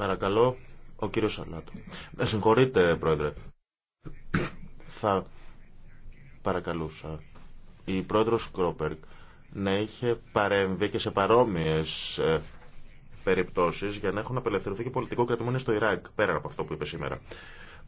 Παρακαλώ, ο κύριος Σαλάτου. Με συγχωρείτε, Πρόεδρε. Θα παρακαλούσα η Πρόεδρος Κρόπερκ να είχε παρέμβει και σε παρόμοιες ε, περιπτώσεις για να έχουν απελευθερωθεί και πολιτικό κρατημόνιο στο Ιράκ, πέρα από αυτό που είπε σήμερα.